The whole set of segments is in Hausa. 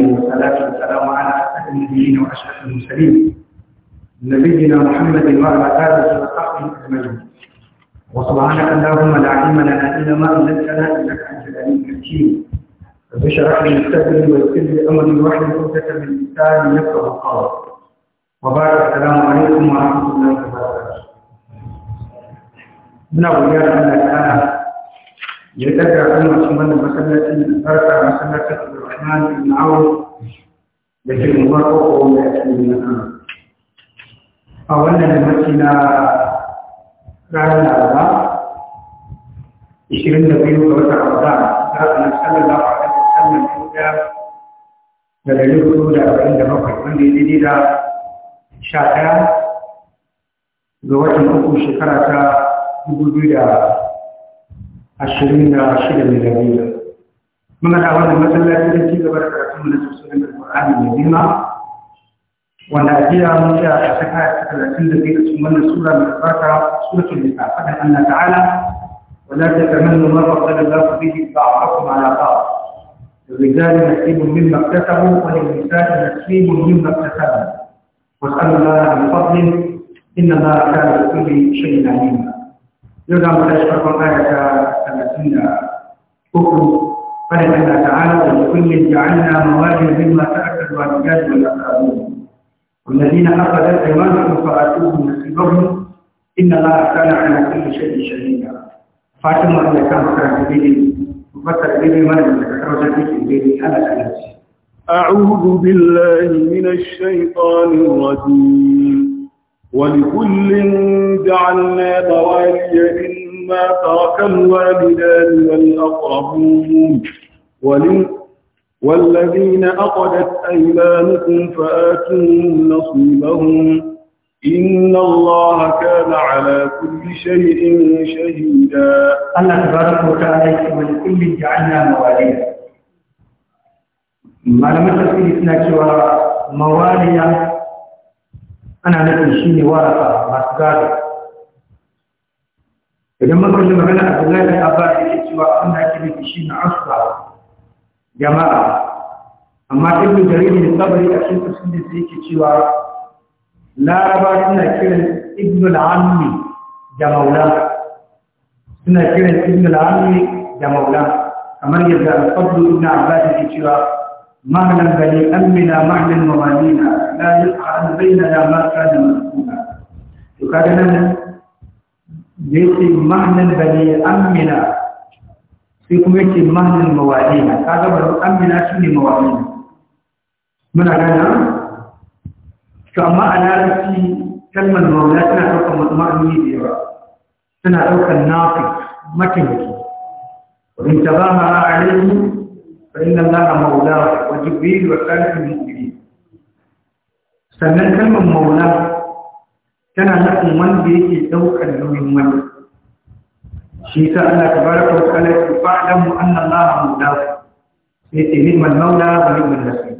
والصلاة والسلام على أسعد النبيين وأشرف المرسلين نبينا محمد وعلى آله وصحبه أجمعين وسبحانك اللهم لا علم لنا إلا ما علمتنا إنك أنت العليم الحكيم رب اشرح لي صدري ويسر لي أمري واحلل عقدة من لساني يفقهوا قولي وبارك السلام عليكم ورحمة الله وبركاته. من أولياء الله تعالى ya daga an masu wannan masallacin barka masallacin Abdulrahman ibn Awf da ke umar koko wanda ya ce a wannan mace na ranar Laraba 22 ga watan Ramadan za a nan sallallahu alaihi da da dari da arba'in da wanda ya da ga watan uku shekara ta dubu da ashirin da shida mai rabiya muna da wannan masallaci da ci gaba da karatu na tafsirin alƙur'ani mai girma wanda a jiya mun tsaya a saka talatin da biyu a cikin wannan sura mai albarka suratul nisa faɗin Allah ta'ala ولا تتمنوا ما فضل الله به بعضكم على بعض للرجال نصيب مما اكتسبوا وللنساء نصيب مما اكتسبوا واسألوا الله من فضله إن الله كان بكل شيء عليما yau za mu tashi farkon aya ta talatin تعالى ولكل جعلنا Allah مما wa kullin ja'alna والذين أخذت أيمانهم فآتوهم نصيبهم إن الله كان على كل شيء شهيدا فاطمة اللي كان مكان بيدي مفسر بيدي من المتكرر بيدي بيدي أنا أعوذ بالله من الشيطان الرجيم ولكل جعلنا موالي مما ترك الوالدان والأقربون والذين أقدت أيمانكم فآتوهم نصيبهم إن الله كان على كل شيء شهيدا الله تبارك وتعالى ولكل جعلنا مواليا ما لم تكن مواليا ana nufin shi ne warasa masu gado idan makarci magana a zai da abba da ke cewa an da ake nufi shi na asuwa jama'a amma ibn jarir ne sabari a cikin kusur da zai ke cewa laraba suna kiran ibn al da maula suna kiran ibn al da maula kamar yadda al na ibn abbas yake cewa مهلا بني أمنا مهلا موالينا لا يقعد بيننا ما كان مسكونا وكان يأتي مهلا بني أمنا فيكم يأتي مهلا موالينا هذا بني أمنا شنو موالينا من أنا فأما أنا في كلمة مولانا تنا توقع مطمئني بيرا تنا توقع ناقص ما كنت وإن تباهى عليه فإن الله مولاه وجبريل وصالح المؤمنين sannan kalmar maula tana nufin wanda yake daukar nauyin wani shi ta Allah tabaraka wa ta'ala ya fa'ala mu anna Allah maula sai ce ni'mal maula wa ni'mal nasir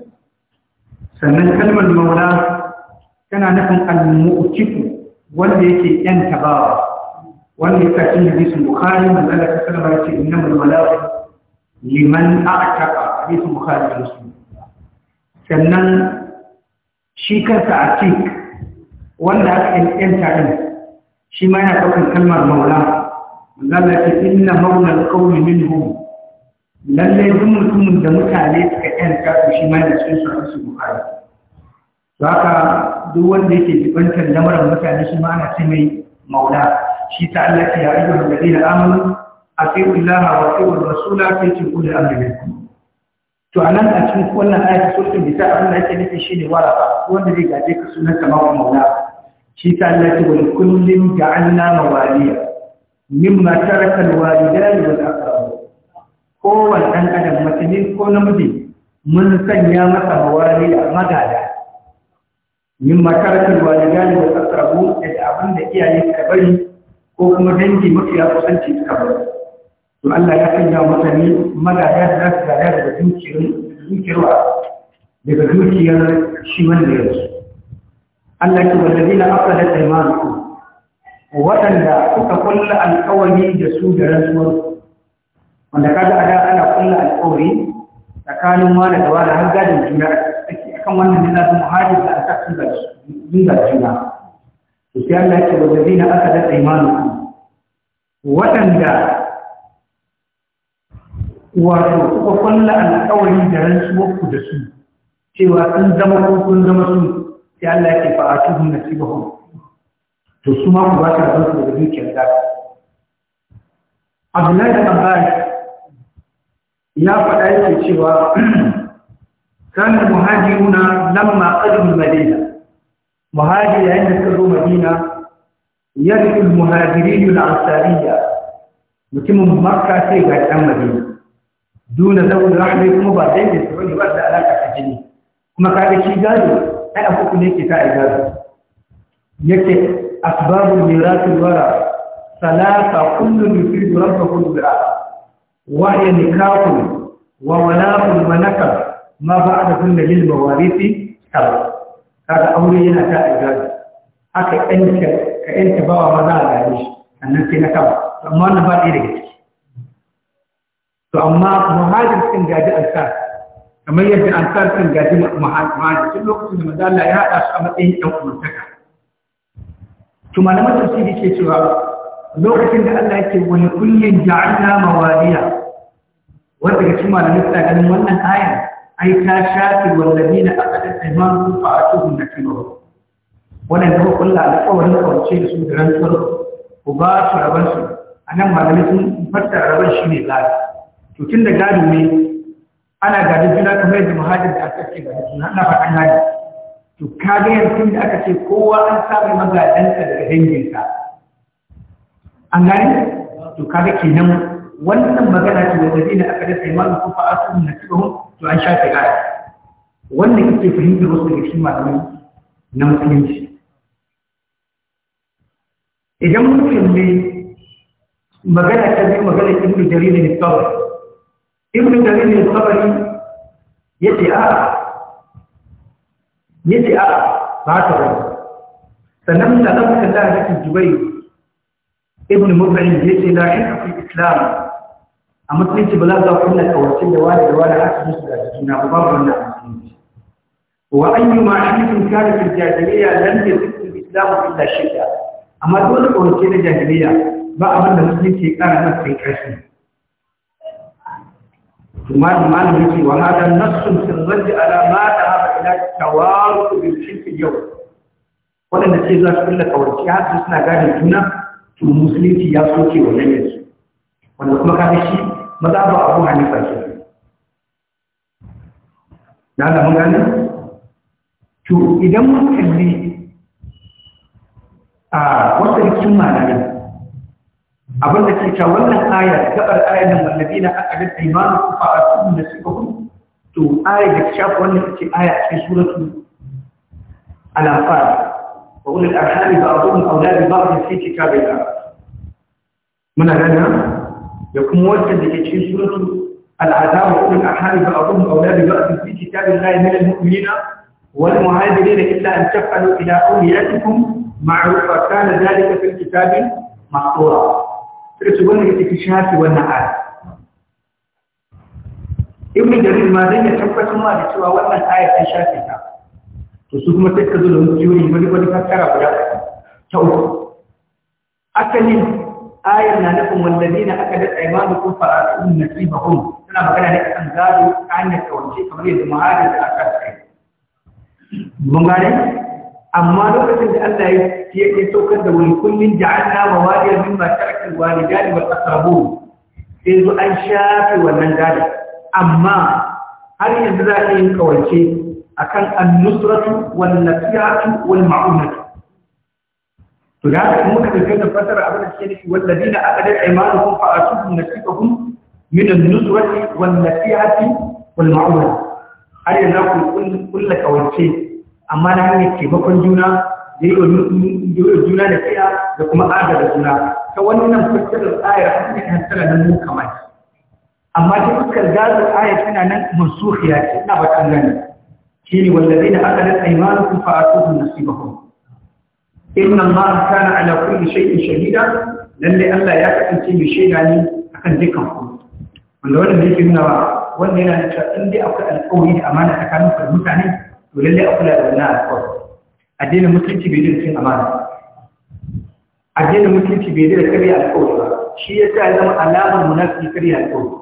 sannan kalmar maula tana nufin al-mu'tiku wanda yake yan tabawa wanda yake cikin hadisin bukhari manzo Allah sallallahu kalmar wasallam ya ce innamal mala'ikatu liman a'taqa hadith bukhari da muslim sannan shi kansa a cik wanda aka yanta din shi ma yana ɗaukar kalmar maula Allah ya inna mawla qawmi minhum lalle duk mutumin da mutane suka yanta su shi ma yana cikin sahih bukhari to haka duk wanda yake jibantar lamarin mutane shi ma ana ce mai maula shi ta Allah ya ayyuhal ladina amanu أطيعوا الله وأطيعوا الرسول فيتم أولي الأمر منكم to anan a cikin wannan ayat sulhun bisa abin da ake nufi shine waraka wanda zai gaje ka sunan ta mawa maula shi ta Allah ta wal kullin ja'alna mawaliya mimma taraka alwalidan wal aqrabun kowane ɗan adam mace ko namiji mun sanya masa mawaliya magada mimma taraka alwalidan wal aqrabun da abin da iyaye suka bari ko kuma dangi mafiya kusanci suka bari to Allah ya sanya mutane magada da su gada daga dukiyarwa daga dukiyar shi wanda ya su Allah ke wallazi na aka da taimako waɗanda suka kulla alkawari da su da rantsuwar wanda kaga a da ana kulla alƙawari tsakanin wani da wani har gadin juna ake akan wannan nila sun hajji da aka tunga juna to sai Allah ke wallazi na aka da taimako waɗanda wato kuka kwalla alƙawari da rantsuwar ku da su cewa sun zama ko sun zama su sai Allah yake ce fa atuhum to su ma ku ba ta zan da dukiyar da Abdullahi Abbas ya faɗa yake cewa kan muhajiruna lamma qadimu madina muhajir yayin da suka zo madina yadul al ansariya mutumin makka sai ga ɗan madina duna zaun rahmi kuma ba zai ne su bane ba da alaka ta jini kuma kaga shi gado ai abu ne ke ta a gado yake asbabul mirath wara salasa kullu yufidu rabbahu bi'a wa ya nikahu wa wala'u manaka ma ba a ba'da kullu lil mawarisi sab kaga aure yana ta a gado haka yanka ka yanka bawa maza a gare shi annan sai na kama amma wannan ba ɗaya daga to amma muhajir sun gaji ansar kamar yadda ansar sun gaji muhajir sun lokacin da manzo Allah ya haɗa su a matsayin ɗan umartaka to malaman tafsiri ke cewa lokacin da Allah yake wani kullin ja'alna mawaliya wanda ga cikin da suna ganin wannan ayar ai ta shafi kufa a tuhun na kino wannan da kullu alƙawarin kawance da su da rantsuwar ku ba su rabansu nan malamin sun fassara rabar shi ne lafiya to tun da gadi ne ana gadi juna kamar yadda muhajir da aka ce gado juna ana faɗan gadi to ga yanzu da aka ce kowa an samu magadansa daga danginsa an gane to ga kenan wannan magana ce wanda zai da aka da sai malu kufa asu na tibahun to an shafe gado wannan ke fahimtar wasu daga cikin malamai na musulunci idan mutum ne magana ta biyu magana ibnu jarir ne tsawon ibn jarir al-sabri yace a yace a ba ta ba sannan da nan kan da yake jubair ibn murra'in yace la in fi islam a musulunci ba za ka kunna kawace da wani da wani aka musu da juna na babu wannan musulunci wa ayyuma ahadin kana fil jahiliyya lam yusib al-islam illa shay'a amma dole kawace na jahiliyya ba abin da musulunci ya kara masa kai kashi ثمان مال يجي وهذا النص في الرد على ما ذهب الى التوارث بالحلف yau. wannan ce za su kulla kawarci har suna gane juna to musulunci ya soke yanzu wanda kuma kaga shi maza ba abu na mun gane to idan mun kalli a wasu rikin abin da ke ta wannan aya gabar ayar da wallabi na aka ga imanu ku fara sun da suka hu to aya da ta shafa wannan ce aya ce suratu al-anfal wa ulul arham ba'dhum awla bi ba'd fi kitabillah muna gana Ya kuma wannan da ke cikin suratu al-azab wa ulul arham ba'dhum awla bi ba'd fi kitabillah min al-mu'minina wal muhajirin illa an taf'alu ila awliyatikum ma'rufa kana dhalika fil kitabi mastura sai su wannan ita ki shafi wannan aya ibnu jarir ma zai ya tabbatar ma da cewa wannan aya ta shafi ta to su kuma sai ka zo da wani theory wani wani fassara guda ta uku asalin ayar na nufin wallazina aka da tsaimanu kun fara'u nasibahum tana magana ne a akan gado ta hanyar kawance kamar yadda muhajir da aka tsaye mun gane amma lokacin da Allah ya ya saukar da wani kullun ja'alna mawadiyan mimma taraka alwalidani wal aqrabun sai zo an shafe wannan gadi amma har yanzu za ka yi kawance akan an-nusratu wan nasihatu wal ma'unatu to da haka muka dauke da fasara abin da ke nufi walladina aqadar aymanuhum fa atuhum nasibahum min an-nusrati wan nasihati wal ma'unati har yanzu ku kulla kawance amma na hanyar taimakon juna da yi wa juna da tsaya da kuma adara juna ta wannan fassarar ayar an yi na mu kamar amma ta fuskar gazar ayar tana nan mansuhiya ce ina ba kan gani shi ne wallazi da aka nan aimanin fa atuhun nasibahum inna allaha kana ala kulli shay'in shahida lallai Allah ya kasance mai shaida ne kan dukkan ku wanda wannan yake nuna wanda yana da cewa in dai akwai alƙawari da amana tsakanin mutane to a kula da wannan alƙawari addinin mutunci bai jin cin amana addinin mutunci bai jin karya alƙawari ba shi ya sa zama alamar munafiki karya alƙawari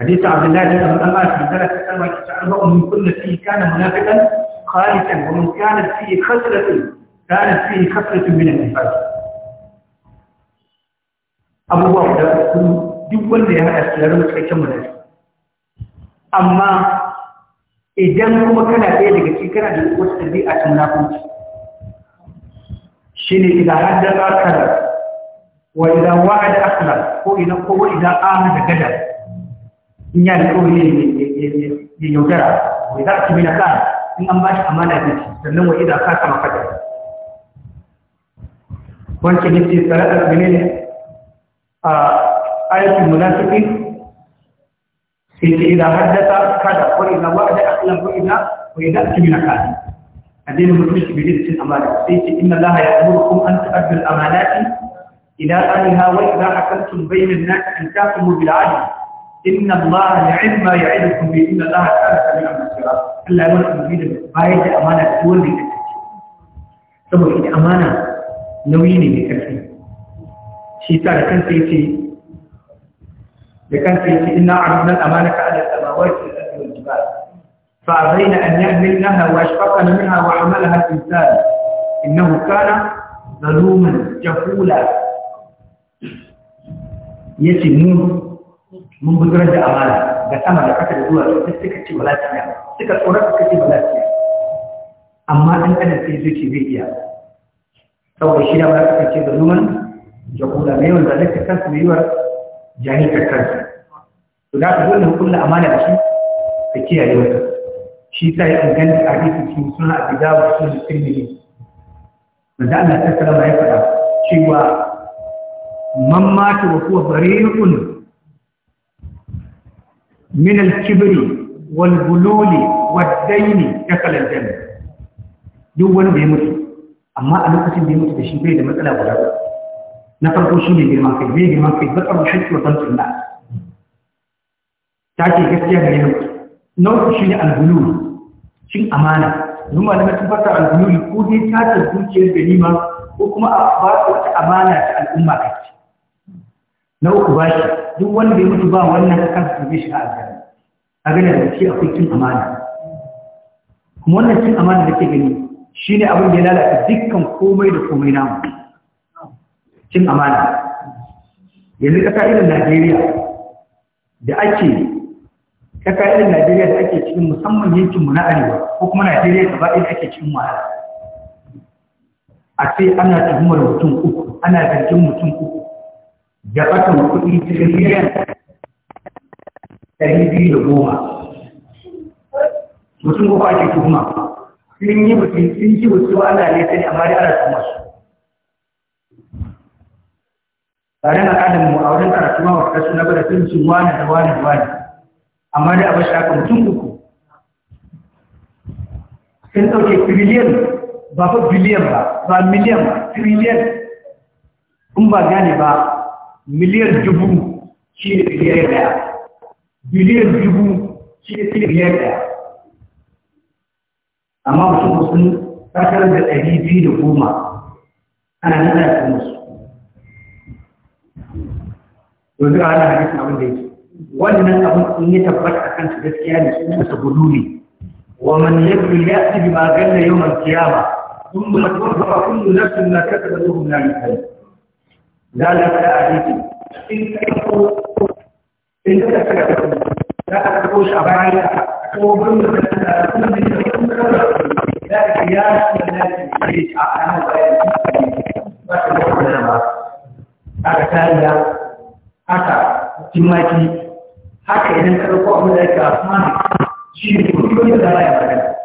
حديث عبد الله بن عمر في ثلاث سنوات أربع من كل فيه كان منافقا خالصا ومن كانت فيه خسرة كانت فيه خسرة من النفاق abubuwa guda duk wanda ya haɗa su ya zama cikakken munafiki amma idan kuma kana ɗaya daga cikin kana da a ɗabi'a ta munafunci ne idan da akala wa idan wa'ad akala ko idan ko idan idan da gada in ya da ne ya yaudara wa idan aka mina ka in an ba shi amana da shi sannan wa idan ka kama fada wancan yake tsara tsare da ne a ayatul munafiqin sai ce idan haddasa kada ko idan wa'ada aklan ko idan ko idan ki mina kada addini mutunci bi din cin amana sai ce inna allaha ya'murukum an tu'addu al-amanati ila ahliha wa idha hakamtum bayna an-nasi an tahkumu bil 'adl inna allaha ya'idma ya'idukum bi inna allaha kana sami'an basira Allah ya wani ubi da bayar da amana da wanda ya saboda ita amana nauyi ne mai ƙarfi shi ta da kansa yace لكان في سيدنا عرضنا الأمانة على السماوات والأرض والجبال فأبين أن يحملنها وأشفقنا منها وحملها الإنسان إنه كان ظلوما جفولا يسمون من بدرجة أمانة بسامة لكاك الدولة تستكى تيولاتيا تستكى صورتك تيولاتيا أما أن أنا في زيكي فيديا سوى الشيء أولاك تستكى ظلوما جفولا ميون ذلك كانت ميور jahilkar kansa to da ka dole kullu amana da shi ka kiyaye wata shi ta yi inganta a hadisi cikin suna a gida ba su da tirmidhi da Allah ta sallama ya fada cewa man mata wa huwa bari'un min al-kibri wal bululi wad daini dakala al jannah duk wanda ya mutu amma a lokacin da ya mutu da shi bai da matsala guda na farko shi ne girman kai ne girman kai zakar shi wa tantun na ta ce gaskiya ga yau Nau'u shi ne albulu cin amana zuma da mutum fata albulu ko dai ta ta zuciyar da nima ko kuma a ba wata amana ta al'umma ka ce na uku ba shi duk wanda ya mutu ba wannan ka kansa zai shiga aljanna a gane da shi akwai cin amana kuma wannan cin amana da ke gani ne abin da ya lalata dukkan komai da komai namu cin amana yanzu kasa irin najeriya da ake kasa irin najeriya da ake cikin musamman yankinmu na arewa ko kuma najeriya da ba ake cikin wahala a ce ana tuhumar mutum uku ana zargin mutum uku da ɓata kuɗi cikin miliyan ɗari biyu da goma mutum uku ake tuhuma sun yi mutum sun ji wasu ana ne sai amma dai ana tuhumar su tare na adam mu a wurin karatu ma wata suna bada fincin wani da wani da wani amma da abin shaka mutum uku sun ɗauke triliyan ba fa biliyan ba ba miliyan ba triliyan in ba gane ba miliyan dubu shi ne biliyan daya biliyan dubu shi ne biliyan daya amma mutum sun takarar da ɗari biyu da goma ana nuna ya musu to duka ana hadisin abin da yake wannan abin in ya tabbata a kansu gaskiya ne su masa guduri wa man yabdu ya'ti bima galla yawmal qiyamah thumma tuwaffa kullu nafsin ma kasabat wa hum la yuzlamun zalika hadisi in ka ko in ka saka ka za ka ko shi a bayan ko bin da ka kuma da ka ya shi da shi a ana bayan ba ka da ba ka kariya haka jimaki haka idan ka ɗauko abin da yake asmani shi ne kuɗi da za ya magana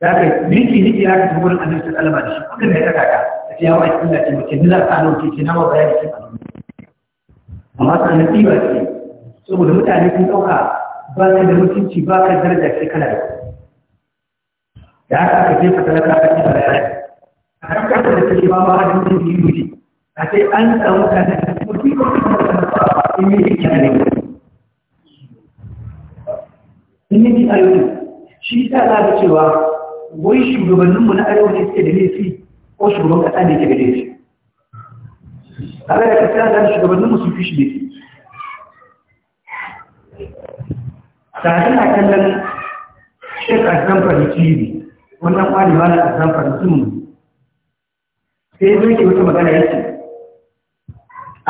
da aka miki niki ya kasu wurin annabi sallallahu alaihi wasallam kudin da ya kaka a ce yawa cikin da muke nuna ta na ke nawa bayani ke amma ta nan tiba ce saboda mutane sun dauka ba ka da mutunci ba ka daraja sai kana da da aka aka jefa talaka ka ci bayani a kan da ke ba ma hadin da yi mutunci a sai an samu mutane da mutunci sun yi hikya ne sun yi hikya ne shi ta za cewa wai shugabanninmu na arewa ne suke da laifi ko shugaban kasa ne ke da laifi a ga da kasa da shugabanninmu sun fi shi laifi tare na kallon shek azamfari tv wannan kwalewa na azamfari sun sai zai ke wata magana yake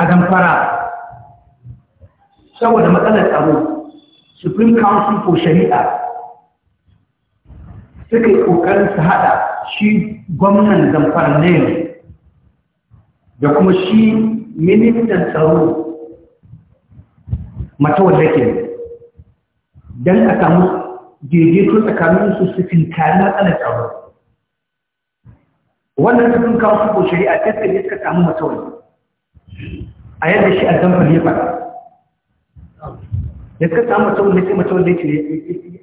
azamfara saboda matsalar tsaro supreme council for shari'a suka yi ƙoƙarin su hada shi gwamnan zamfara ne da kuma shi ministan tsaro matawallake don a samu daidaito tsakanin su su tinkari matsalar tsaro wannan supreme council for shari'a ta tsaye suka samu matawallake a yadda shi a zamfara ya faɗa da suka samu mutum da sai mutum da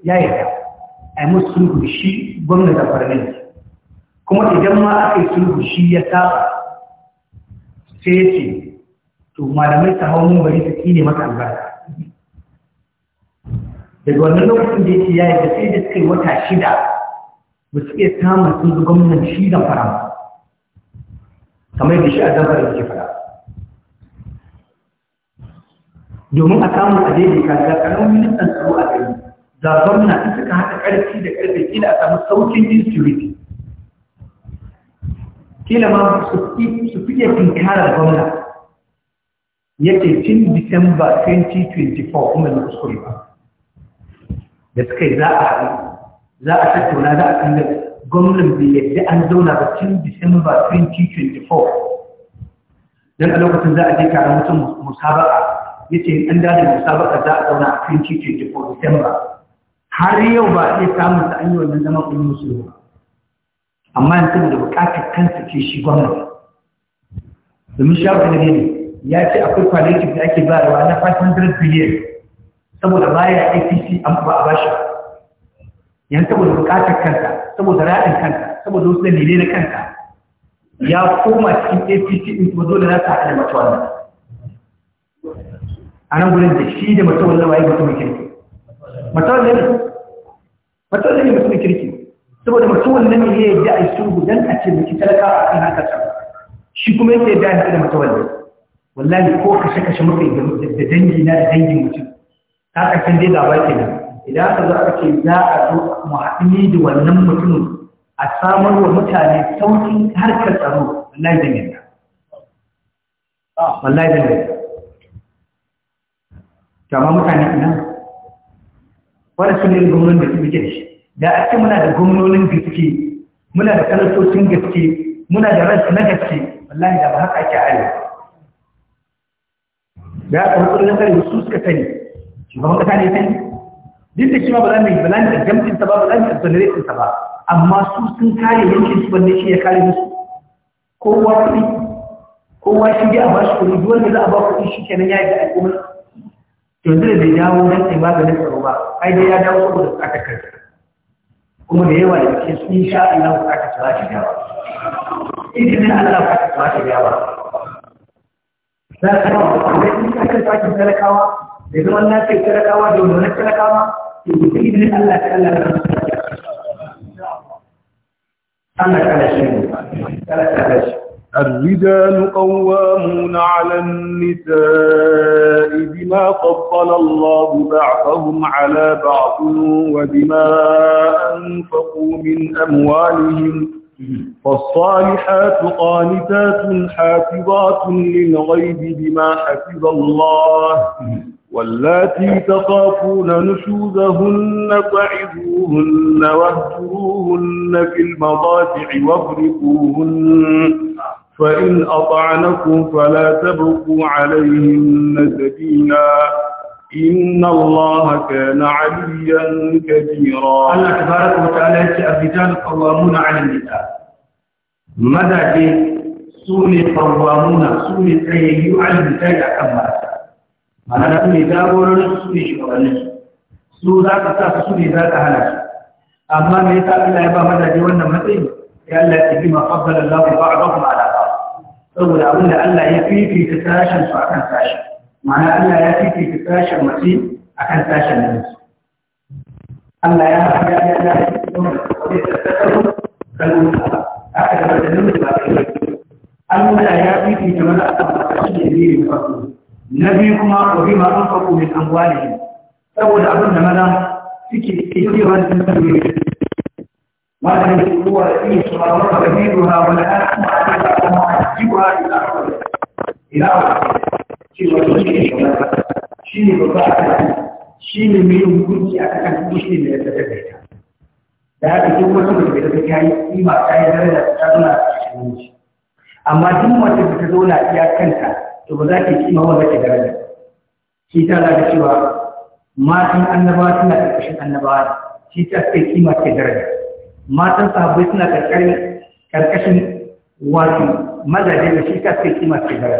ya yi a yi musu sulhu shi gwamnati da farmin kuma idan ma aka yi sulhu shi ya saba sai ce to malamai ta hau mun bari ta tsine maka albarka daga wannan lokacin da yake yi da sai da suka yi wata shida ba su iya samun sun gwamnan shi da farama, kamar da shi a zafar yake fara domin a samu a ka ga karamin ministan tsaro a gari na ta suka haɗa ƙarfi da ƙarfe kila a samu saukin insecurity kila ma su fiye tinkarar gwamna ya ce tun disamba 2024 kuma na kuskure ba da suka yi za a haɗu za a tattauna za a kalla gwamnan bai yadda an zauna ba tun disamba 2024 don a lokacin za a je taron mutum musabaka yace in an Musa baka za a zauna a kan da diko December har yau ba iya samun ta an yi wannan zama kun ba amma yanzu da bukatar kansa ke shi gwamnati domin shafi da ne ya ce akwai kwalitin da ake bayarwa na 500 billion saboda baya apc an ba a bashi yan saboda bukatar kanta, saboda ra'ayin kanta, saboda wasu dalilai na kanka ya koma cikin apc in kuma dole na sa a mace wannan a nan gudun da shi da matawalla waye mutumin kirki matawalla ne matawalla ne mutumin kirki saboda matawalla ne ya yadda a yi sulhu don a ce biki talaka a kan haka can shi kuma ya yadda a da matawalla wallahi ko kashe kashe muka yi da dangi na da dangin mutum ta ƙarshen dai gaba nan. idan aka zo aka ce za a zo mu da wannan mutumin a samar wa mutane sauƙin harkar tsaro wallahi zan yadda wallahi zan yadda sama mutane ina wanda su ne gwamnonin da suke da shi da ake muna da gwamnonin gaske muna da kanatocin gaske muna da ransu na gaske wallahi da ba haka ake arewa da haka hukumar na arewa su suka sani shugaban makasa ne sani duk da shi ma ba za mu yi balani da jamfin ba ba za mu yi exoneration sa ba amma su sun kare yankin su wanda shi ya kare musu kowa kuɗi kowa shi ya a ba shi kuɗi wanda za a ba kuɗi shi kenan ya yi da al'umma yanzu da bai dawo don sai maganin tsaro ba ai dai ya dawo saboda tsaka kansa kuma da yawa da ke sun sha Allah ku aka tsara shi dawa idan Allah ku aka tsara shi dawa za ka ba ku da in ka kan tsaki talakawa da zama na ce talakawa da wannan talakawa to idan Allah ta Allah ta Allah ta Allah shi Allah ta Allah shi الرجال قوامون على النساء بما فضل الله بعضهم على بعض وبما أنفقوا من أموالهم فالصالحات قانتات حافظات للغيب بما حفظ الله واللاتي تخافون نشوزهن فعذوهن واهجروهن في المضاجع واغرقوهن فإن أطعنكم فلا تبقوا عليهن سبيلا إن الله كان عليا كبيرا الله تبارك وتعالى الرجال قوامون على النساء ماذا في سوني قوامون سوني تيهي على النساء أمارسا أنا نقول إذا قولنا سوني شغلنش سو ذات أساس سوني ذات أهلاش أما ميتا إلا يبا ماذا دي وانا متين يا الله تبي قبل الله بعضهم على saboda abin da Allah ya fifita sashen su akan sashen ma'ana Allah ya fifita sashen mace akan sashen namiji Allah ya haɗa ya ya ya aka da da namiji ba kai Allah ya fifita mana akan sashen da ne ne farko na biyu kuma wa bima anfaqu min amwalihim saboda abin da maza suke yi wa da وأن هو رئيس وظيفها ولا أسمع ومعجبها إلى آخره إلى آخره شيء وظيفه شيء وظيفه shi? da haka duk wata da ta kima ta yi daraja ta cikin amma duk mace da ta zauna iya kanta to ba za ki kima wanda ke daraja shi ta za cewa matan annabawa suna ƙarƙashin annabawa shi ta kai kima ke daraja matan sahabbai suna karkashin wato mazaje da shi ta kai kima ce gara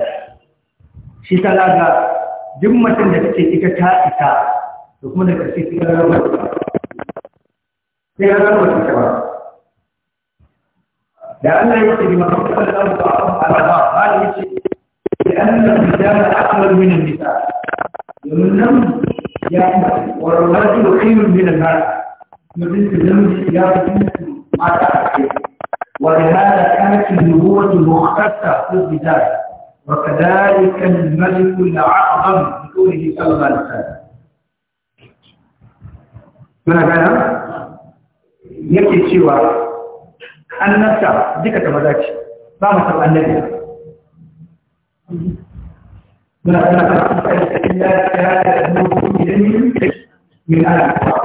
shi ta laga duk mutum da suke ita ta ita da kuma da ƙarshe su gara ba sai gara ba ta ba da Allah ya ce ma ka da Allah ba Allah ba da ya ce da Allah ya da akmal min nisa domin nan ya kuma warwati da khairun min an مثل تزوج إجابة ما تأكل ولهذا كانت النبوة مختصة في البداية وكذلك الملك الأعظم بقوله صلى الله عليه وسلم من قال yake cewa annabta duka ta maza ce ba mu san annabi muna kana ta cikin ya ta da mu ne min ala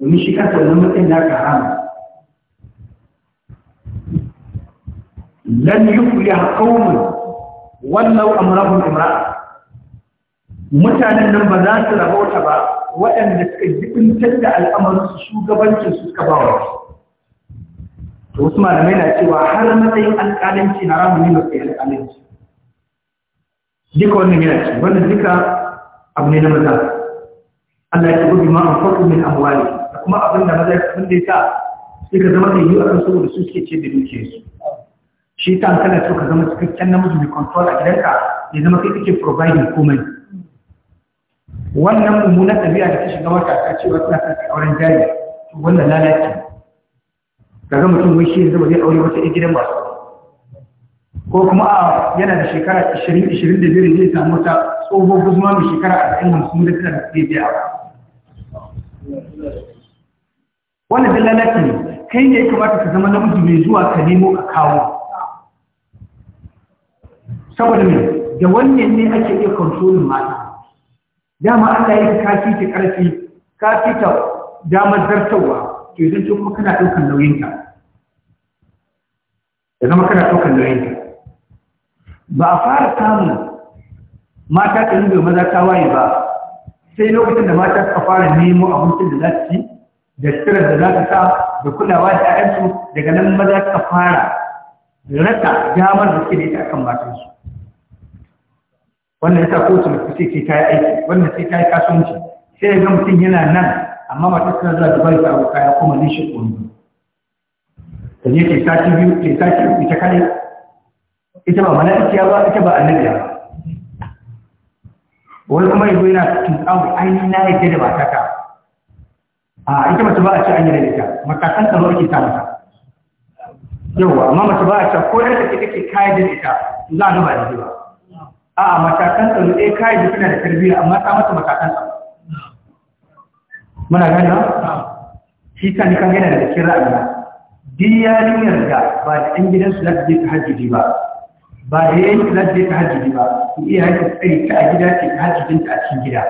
domin shi kansa wannan matsayin ya karama lan yufliha qaumun wannan amrahum imra'a mutanen nan ba za su rahota ba waɗanda suka jibintar da al'amarinsu shugabancin su suka bawa to wasu malamai na cewa har matsayin alƙalanci na ramuni na tsaye alƙalanci duka wannan yana ce wannan duka abu ne na maza Allah ya ce gudu ma an faɗo min amwali da kuma abin da maza abin da ya sa ka zama da yi a kan saboda su suke ce da duke su shi ta kana so ka zama cikakken namiji mai control a gidanka ya zama kai kake providing komai wannan mummunan ɗabi'a da ta shiga mata ta ce cewa ta kan auren jari wannan lalaci kaga mutum wai shi zama zai aure wata gidan ba ko kuma a yana da shekara 20 25 zai samu ta tsohon guzma mai shekara 40 50 da tana da zai biya wannan da lalaci kai ne ya kamata ka zama namiji mai zuwa ka nemo ka kawo saboda me da wannan ne ake iya kontrolin mata dama Allah ya ka ci ta karfi ka fita damar zartawa to idan ce kuma kana ɗaukar nauyinta da zama kana ɗaukar ba a fara samun mata ta yi maza waye ba sai lokacin da mata suka fara nemo abincin da za su ci da sirrin da za ka sa da kulawa da ‘ya'yansu daga nan maza ka fara raka damar da suke da ita akan matansu wannan yasa ko su mutu sai ta yi aiki wannan sai ta yi kasuwanci sai ga mutum yana nan amma matar tana zuwa dubai ta abu kaya kuma zai shi ƙungu ta je ke sati biyu ke sati uku ita kare ita ba mala'ikiya ba ita ba annabi ba wani kuma goyi na tunkawo ainihin na yadda da matata a ita mace ba a ce an yi da ita matakan tsaro ake ta mata yawa amma mace ba a ce ko yadda kake kake kayan da ita za a ba da ba a matakan tsaro ɗaya eh, kayan da suna da tarbiyya amma ta mata matakan tsaro muna gani shi ta nikan yana da kira Allah duk yarinyar da ba da ɗan gidansu za su je ta hajjiji ba ba da yayin za su je ta hajjiji ba ku iya hajji tsaye ta a gida ce ta hajjijinta a cikin gida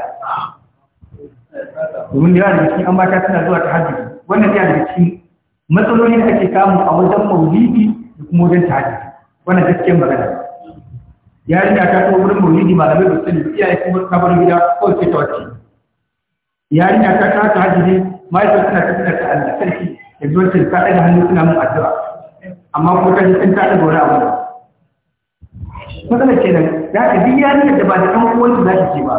domin da yawa da cikin an ta suna zuwa ta hajji wannan yana da cikin matsaloli da ake samu a wajen maulidi da kuma wajen ta hajji wannan gaskiyar magana yayin da ta kuma wurin maulidi malamai ba sani iyaye kuma ta bar gida ko ce ta wacce yayin da ta ta ta hajji ne ma'aikata suna ta suna ta Allah sarki da wancan ta ɗaga hannu suna mun addu'a amma kuma ta jikin ta ɗaga wani abu matsalar kenan za ka biya yariyar da ba da ɗan uwansu za ka ce ba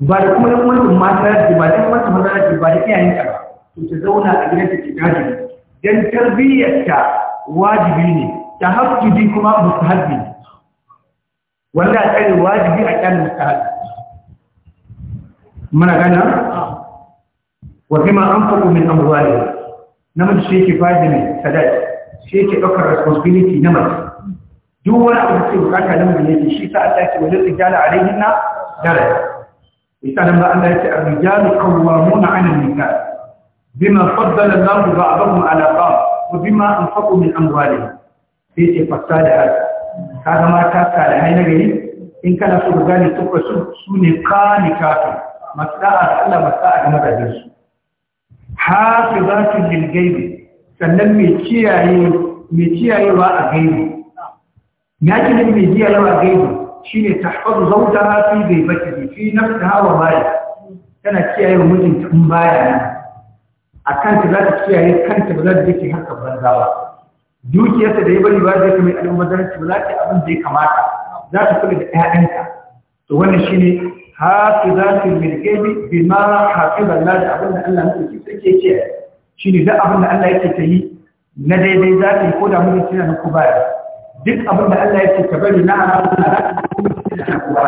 ba da kuma yan wancan mata yake ba da yan wancan maza yake ba da iyayen ka ba to ta zauna a gidan ta gidaje dan tarbiyyarta wajibi ne ta tahajjudi kuma mustahabbi wanda a tsare wajibi a kan mustahabbi muna gana wa an faɗo min ne. namiji shi ke fadi ne sadaki shi ke ɗaukar responsibility na mace duk wani abu da ke bukata namiji ne shi sa Allah ke wajen rijala alaihin na daraja ita nan ba Allah ya ce ar-rijalu qawwamuna 'ala an-nisaa bima faddala Allahu ba'dahum 'ala ba'd wa bima anfaqu min amwalihim sai ce fasada kaga mata salihai na gari in kana so ka gane tukwa su sune qanikatu masa'a Allah masa'a ga madadin su hafizatun lil ghaibi sannan kiyayewa a gaibi ya mai kiyayewa a gaibi shine tahfazu zawjaha fi baitihi fi nafsiha wa mali tana kiyaye mijinta in baya nan akan za ta kiyaye kanta ba za ta dake haka banza ba dukiyarta da ya bari ba zai kuma al'ummadarci ba za ta abin da ya kamata za ta kula da ƴaƴanta to wannan shine hafizatul milkebi bima hafizallah da abin da Allah muke take kiyaye shine da abin da Allah yake ta yi na daidai za ta yi ko da mijinta na ku baya duk abin da Allah yake ka bari na ana suna da kuma cikin ana kowa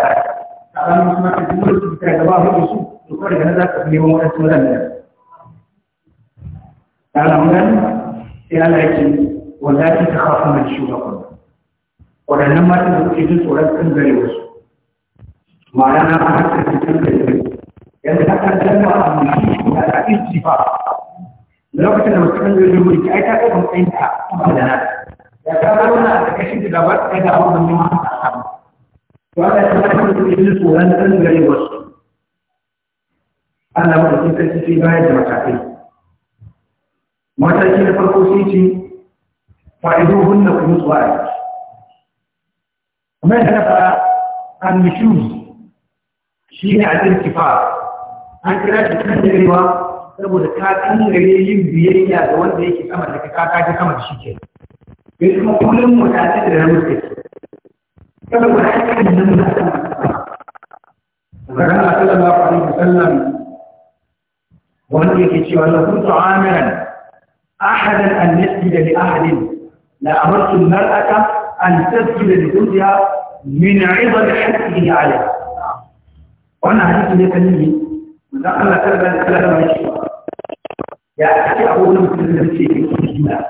ya tsakanin kuma ka jimar su fita da ba hudu su to kuma daga nan za ka neman waɗansu waɗannan ta'ala mun gani sai Allah yake wallahi ta khafu man shugaban waɗannan matan da kuke jin tsoron kan gare wasu ma'ana na ba haka cikin gare yadda ta kan canza a mulki da ta ijtifa lokacin da mutum zai mulki ai ta kai matsayin ta kuma da nata da ka zauna a ƙarƙashin da gaba ɗaya da da ma a samu to Allah ya kamata mutum ya ji tsoron ɗan gare wasu Allah ma da kin sarki sai bayar da matakai mataki na farko sai ce fa'idun na kuma tsuwa a ciki kamar yadda na faɗa an mishu shi ne a al'irtifa an kira shi kan darewa saboda ka kan gare yin biyayya da wanda yake sama da ka kaka ta sama da shi ke ya kuma kullum wata ake da ramus ke kada wata ake da nan da sama daga ran sallallahu alaihi wasallam wanda yake cewa la kuntu amiran ahadan an yasjuda li ahadin la amartu al-mar'ata an tasjuda li zawjiha min 'idami haqqihi 'alayha wannan hadisi ne kan yi manzon Allah sallallahu alaihi wasallam ya ce ya ce abubuwan da suke cikin juna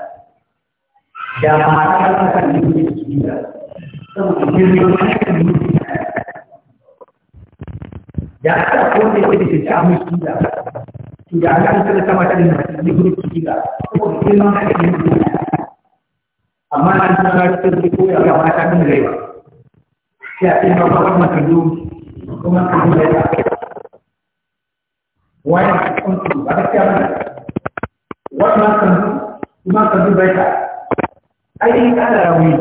da mata ta kan yi da su da saboda girman kan da aka kone da ke ta musu da to da aka tsara ta mata da yi da su da saboda girman kan yi amma an tsara ta ce ko ya mata kan da yawa sai a tsara ba wannan kan kuma ba kuma ai ana rawi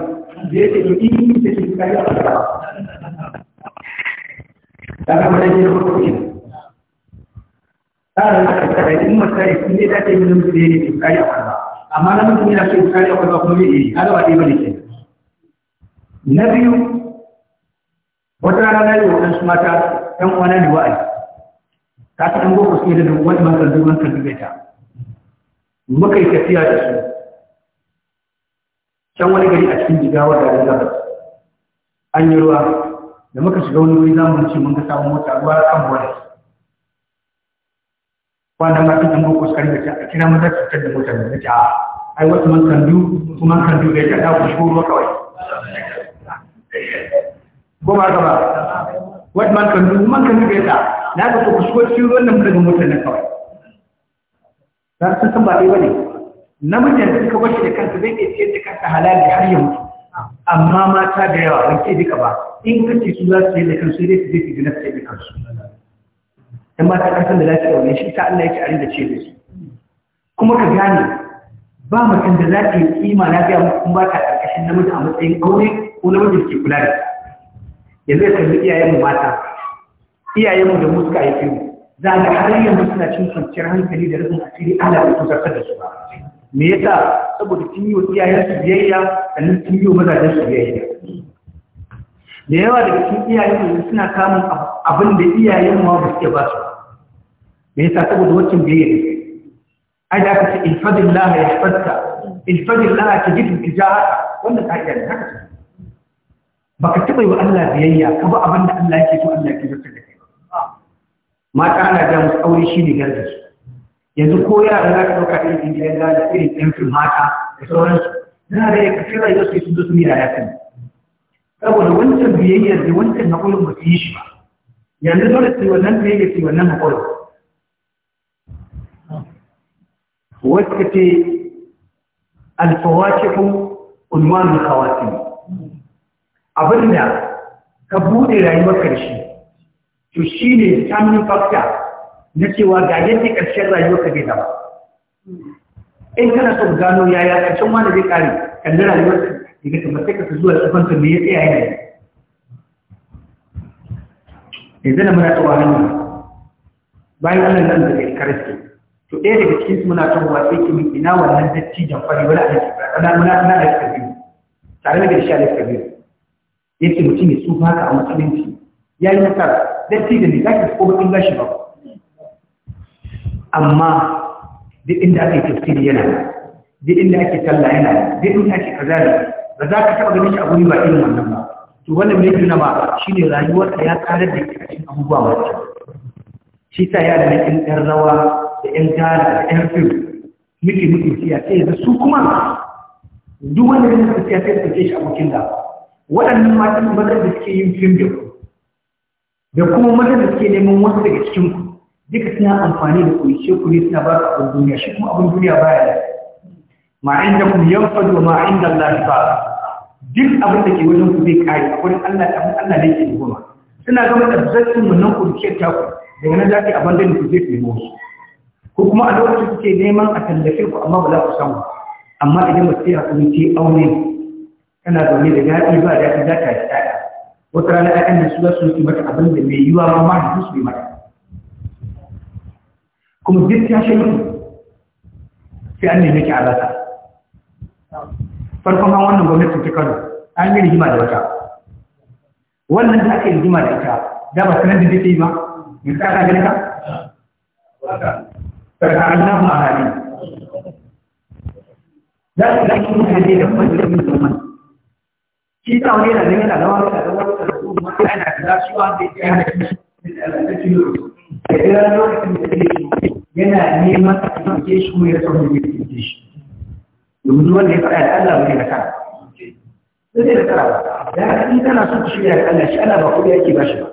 da ce to in yi ce su kai da ka mana ne ko ko ina tsarin da ka kai in sun ne da ke min mutum ne ne kai da amma na mutum yana so kai da kuma kuma ne kada ba dai ke na biyu wata rana ne wannan su mata ɗan ne wa'azi ta an goko da wani masar duban kan dubaita muka yi tafiya da su can wani gari a cikin wadda da gabas an yi ruwa da muka shiga wani wuri zamu ce mun ga samun mota ruwa kan wani kwanan ma kin mun kuskar da ta kira mata cutar da mota da ta ai wasu man kan du kuma kan du bai ta ku shigo ruwa kawai ko ba ka ba wasu man kan du man kan du bai ta na ga ku shigo cikin ruwan nan daga mota na kawai dan san ba dai bane namijin da suka bashi da kanta zai iya ciyar da kansa halali har ya mutu amma mata da yawa ban ce duka ba in kace su za su yi da kansu zai su je su gina su da kansu dan mata kan san da lafiya wannan shi ta Allah yake arin da ce da su kuma ka gane ba mutum da za ta yi kima na ga mutum ba ta karkashin namiji a matsayin aure ko namiji ke kula da yanzu ya kalli iyayen mu mata iyayen mu da mu suka haife mu za ga har yanzu suna cin kwanciyar hankali da rufin asiri Allah bai kusa da su ba me yasa saboda kin yi wa iyayen su biyayya sannan kin yi wa mazajen su biyayya da yawa daga cikin iyayen su suna kamun abin da iyayen ma ba suke ba su me yasa saboda wancan biyayya ai da aka ce ilfadillah ya fadka ilfadillah ta ja tijaha wannan ta iya ne haka baka taba yi wa Allah biyayya ka ba abin da Allah yake so Allah yake zartar da kai mata ana ga musu aure shine su. yanzu ko yara za ka ɗauka irin gidan gada irin ɗan fim da sauransu suna da ya kashe rayuwar sai sun zo sun yi da yasin saboda wancan biyayyar da wancan haƙurin ba su yi shi ba yanzu dole su wannan biyayyar su wannan haƙurin wacce ce alfawakifin ulwanul kawasi abinda ka buɗe rayuwar karshe to shi ne samun fakta na cewa ga yadda ƙarshen rayuwa ka zai zama in kana son gano yaya ƙarshen wani zai kare da rayuwar daga tabbatar ka zuwa tsufan, ta me ya tsaya yana yi yanzu muna tsawa hanyar bayan ana nan da kare karfi to ɗaya daga cikin su muna tsawa sai ki min ina wannan jan fari wani a cikin na muna na da kabi tare da shi da kabi yace mutum ya tsufa ka a musulunci da nasara za ne fi ko bakin gashi ba amma duk inda ake tafsiri yana duk inda ake talla yana duk inda ake kazari, ba za ka taɓa ganin shi a guri ba irin wannan ba to wannan mai juna ba shi ne rayuwar ya karar da cikin abubuwa wacce shi ta ya da ɗin ɗan rawa da ɗan gara da ɗan fim muke muke siya sai yanzu su kuma duk wanda ya muke siya sai su ce shi abokin da waɗannan matan mazan da suke yin fim da da kuma mazan da suke neman wasu daga cikin ku duka suna amfani da kuri shi kuri suna ba ka abin duniya shi kuma abin duniya baya da ma inda kun yanfadu ma inda Allah ba duk abin da ke wajen ku zai kare a wurin Allah ta Allah ne ke goma suna ga mutabbatin mun nan kurke ta ku daga nan zaki da ku zai fi mu ko kuma a lokacin kuke neman a tallafe ku amma ba za ku samu amma idan ba sai ya kuma ce aure kana zaune da gadi ba da za ta yi tsada wata rana ɗayan da su za su yi mata abin da mai yiwa ma ma da su yi mata kuma duk ya shi mutu sai an nemi ki a rasa farkon an wannan gwamnatin ta kano an yi rigima da wata wannan da aka yi rigima da ita da ba sanar da take yi ba yanzu aka gani ka sarka a hali za su zaki mutane da shi ta wani yana nan yana zama da zama da zama da da da shi da da da yana neman a ɗauke shi kuma ya tsawon da ke shi domin wanda ya faɗa da Allah bai da kara sai da kara ba da haka in kana so ku shirya da Allah shi Allah ba kuɗi ake ba shi ba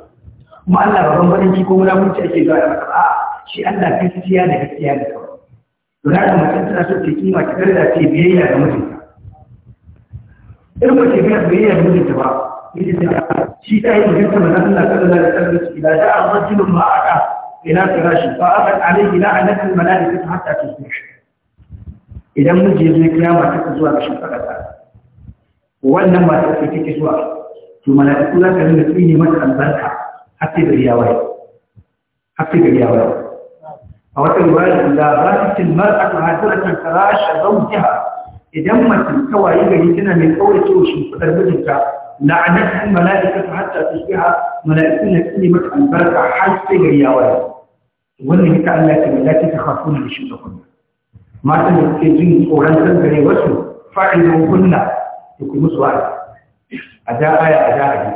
kuma Allah ba bambarin ki ko mulamunci ake ba da masa a shi Allah gaskiya da gaskiya da kawai to da haka mutum tana so ta kima ta garda ce biyayya ga mijinta irin mace biyayya ga mijinta ba mijinta shi ta yi mutunta manzon Allah sallallahu alaihi wasallam da su. da a da'a a ma'aka إلى فراشه فأخذ عليه لعنة الملائكة حتى تصبح إذا مجي ذكرى ما تكزوها بشفقتها وأن ما تكفيك كزوها ثم لا تقول لك من فيه مثلا بركة حتى بالياوية حتى بالياوية أو تقول لا غادت المرأة عادلة فراش زوجها إذا ما تكوى يجري كنا من قول توش مقدر لعنة الملائكة حتى تصبح ملائكة كلمة البركة حتى بالياوية wannan ita Allah ta lati ta khafuna da shi kunna matan da ke jin tsoron san gare wasu fa'idun kunna da kuma su wa'azi a da aya a da aji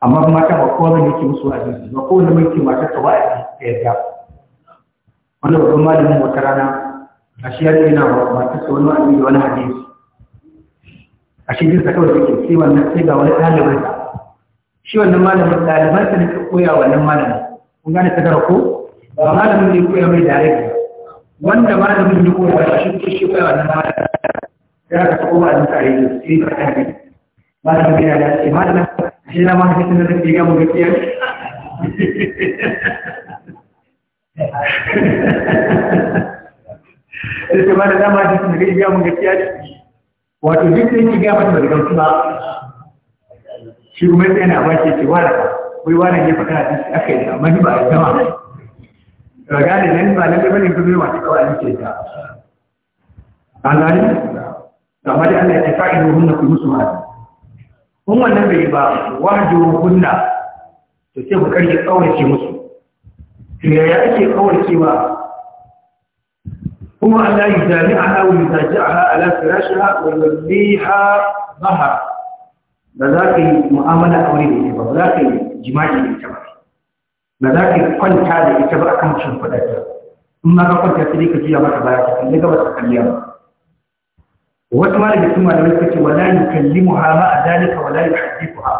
amma mata ba kowa ne ke musu wa'azi ba kowa ne mai mata ta wa'azi ta yadda wanda babban malamin wata rana a shi yadda yana mata ta wani wa'azi da wani hadisi a shi jinsa kawai ke sai wannan sai ga wani ɗalibinsa shi wannan malamin daliban ta ne ka koya wannan malamin kun gane ta gara ko ba malamin ne koya mai direct wanda malamin ne koya shi ke shi koya wannan malamin da aka ta koma da tare da sai ka ta ne malamin ya da shi malamin shi na ma ka tana da diga mu gaskiya sai kuma da dama da diga mu gaskiya wato duk sai ki ga mata da gaskiya shi kuma sai yana bashi ce wa da wai wa da ne fata a cikin aka yi amma ni ba a gama raga gane nan ba nan gaba ne kuma yi masu kawai an ce ta an gani da amma dai Allah ya ce fa'idu hunna ku musu ma kun wannan bai ba wajo hunna to sai ku karki kaurace musu to yaya ake ba. kuma Allah ya jami'a na ha wa yutaji'aha ala firashiha wa yulliha bahara ba za ka yi mu'amala aure da ita ba ba za ka yi jima'i da ita ba ba za ka yi kwanta da ita ba kan cin kuɗaɗe in ma ka kwanta sai dai ka juya mata baya ta kalli gaba ta kalli ba wasu ma daga cikin malamai suka ce wala yi kalli muhamma a zalika wala yi hadithu ha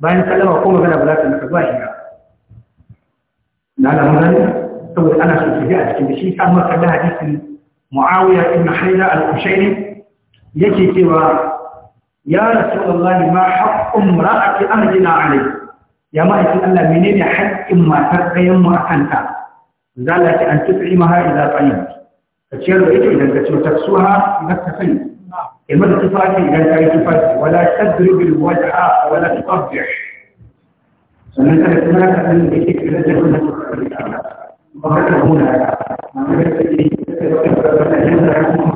bayan sallama ko magana ba za ta mata ba ina na alamun gani saboda ana so su ji a cikin da shi sa maka hadisin mu'awiya ibn haida al-kushairi yake cewa يا رسول الله ما حق امرأة أرضنا عليه يا ما يقول الله منين حق ما تقي ما أنت زالت أن تفعلها إذا قيمت فتشير إيجو إذا كتير تكسوها إذا تفعل كما تفعل إذا كتير تفعل ولا تدري الوجع ولا تقضع فمن ترى ما كان يجيك إلى جهنم وما كان هنا ما كان يجيك إلى جهنم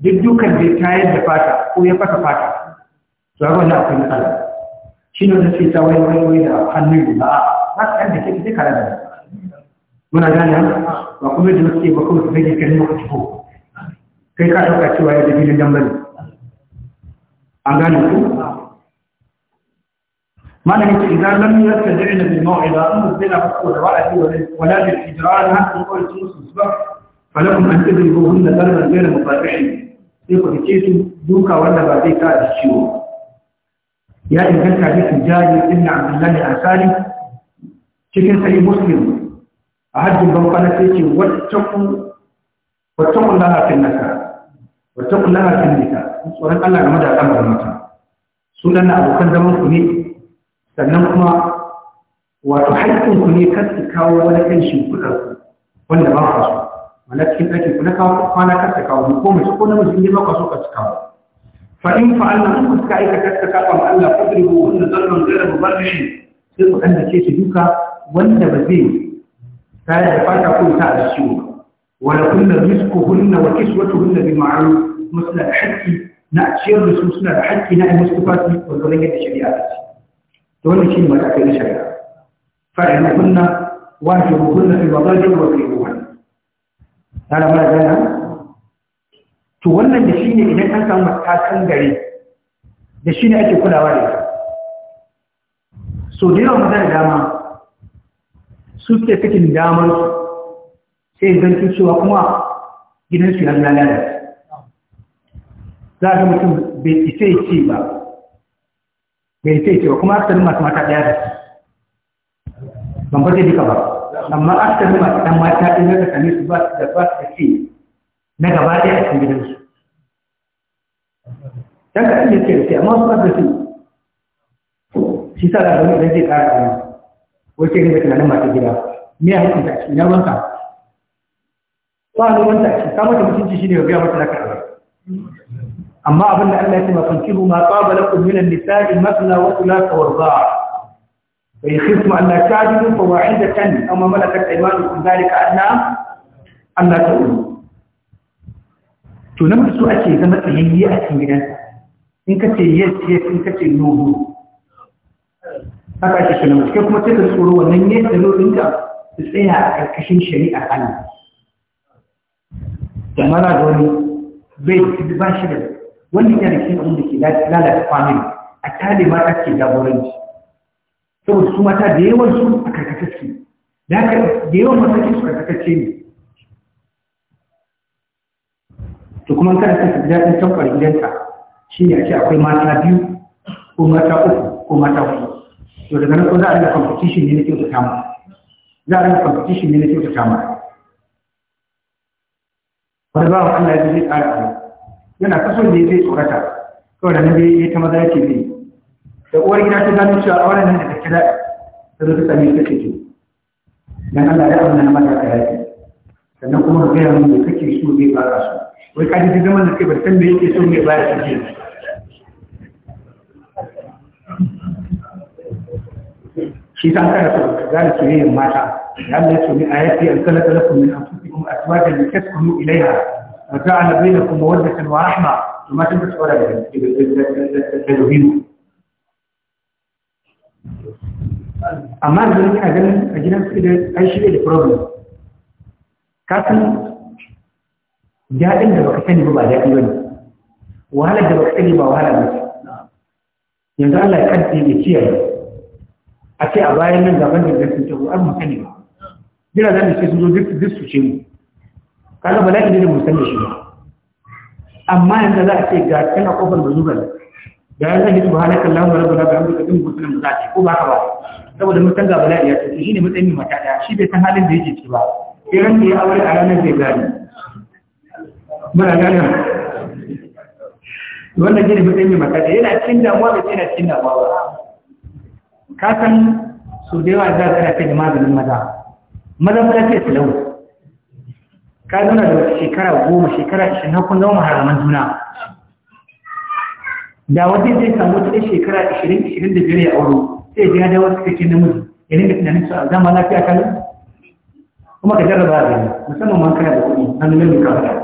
duk dukan da ya tayar da fata ko ya fasa fata to ya wani akwai matsala shi ne wanda suke sa wani wani wani da hannun ba a su da ke ita kare da muna gane ba kuma da suke ba kuma su rage kan lokaci ko kai ka ɗauka cewa ya dalilin dambali an gane ku Malami ce idan lam yastadi'na bil maw'ida an zina fa da wa'adi wala bil ijrar hatta qawlu musu ba فلكم أن تدربوهن ضربا غير مقاطعين sai ku fice su duka wanda ba zai sa ciwo ya inganta hadisin jari ibn abdullahi asali cikin sahih muslim a hajjin ban kwana sai ce wattaqu wattaqu laha fil nasa wattaqu laha fil nisa tsoron Allah game da al'amarin mata sunan abokan zaman ku ne sannan kuma wato haƙƙin ku ne kar su kawo wani kan shimfiɗar wanda ba ku so wala cikin ɗakin ku na kawo kwana kar ta kawo ko mace ko namiji in dai ba ka so ka ci kawo fa in fa'alna in ku suka aikata ka kafa ma Allah fadribu wanda zarran gaira mubarrihi sai ku ɗan ce su duka wanda ba zai tare da fata ko ta a ciwo ba wala kunna rizquhunna wa kiswatuhunna bil ma'ruf musla da haƙƙi na a ciyar da su suna da hakki na ainihin tufafi wanda wani yadda shari'a ta ce to wannan shi ne matakai na shari'a fa'ina kunna wajibu kunna fi mazajin wa fi to wannan da ne idan an samu matakan gare da shine ake kulawa da so da yawa maza da dama su ke cikin damar sai zanci cewa kuma gidansu ya lalata za ga mutum bai ita ce ba bai ita ce ba kuma aka masu mata ɗaya da su. ban fata duka ba amma aksarin masu ɗan mata ɗin na tsakanin su ba su da ba su ce na gaba ɗaya a cikin gidansu dan ka ke da ke amma su ba su shi sa da wani idan zai ƙara ko ce ne da tunanin masu gida me ya hukunta shi na wanka? ba a ruwanta shi ka da mutunci shi ne ya biya mata na karɓar. amma abin da Allah ya ce ma fankihu ma qabalakum min an-nisa'i mathna wa thulatha warba. فيخصم أن لا تعدلوا فهو عندة أو ما ملكت أيمانكم ذلك أدنى أن لا تقولوا gidan. In ka زمت هي أسمنا in ka يس إنك تنوه haka ake shi namiji kuma sai ka tsoro wannan yadda lolinka su tsaya a ƙarƙashin shari'a Allah da mana da wani bai ba shi da wani yana cikin abin da ke lalata family a tare ma ake jagoranci saboda su mata da yawan su a karkatacce da aka da yawan matakin su karkatacce ne to kuma kada ka tafi daɗin tankar gidanka shi ne a ce akwai mata biyu ko mata uku ko mata huɗu to daga nan ko za a riga competition ne na kyautata ma, za a riga competition ne na kyautata mu wani wa Allah ya zai tsara abu yana kaso da ya zai tsorata kawai da nan da ya ta maza ya ce zai da uwar gida ta gano cewa auren nan da ta kira ta zo ta sami ta ce dan Allah ya amana na mata hayati sannan kuma ka gaya mun da kake so zai fara su wai ka ji zaman da kai ba san da yake so mai baya su ke shi ta kana so ka gane soyayyar mata da Allah ya ce ni ayati an kala kala min anfusikum azwajan litaskunu ilayha wa ja'ala bainakum mawaddatan wa rahma to ma tabbata da da da da amma da zai ganin a gidan su da an shirya da problem ka san daɗin da baka sani ba ba daɗi ba ne wahalar da baka sani ba wahala ba yanzu Allah ya kanta ya ciyar a ce a bayan nan gaban da zai tafi an mu sani ba jira zan ce sun zo duk su ce mu kaga ba laifin da mu san da shi ba amma yanzu za a ce ga kana kofar zubar. da yanzu su ba allahumma lamarin ba bihamdika tunbu yanzu da ko ba ka ba saboda mutan ga bala'i ya tafi shi ne matsayin mata ɗaya shi bai san halin da yake ci ba Idan ran da ya aure a ranar zai gani muna gane wannan gini matsayin mata ɗaya yana cin damuwa mai yana cin damuwa ba ka san su da yawa za su rafe da maganin maza maza ba ce su lau ka nuna da wata shekara goma shekara ishirin na kun zama maharaman juna da wajen zai samu wata shekara ishirin ishirin da biyar ya auro sai ya dawo cikakken namiji ya rinka tunanin cewa zama lafiya kalu kuma ka jarraba a gani musamman ma kana da kuɗi an lalle ka fada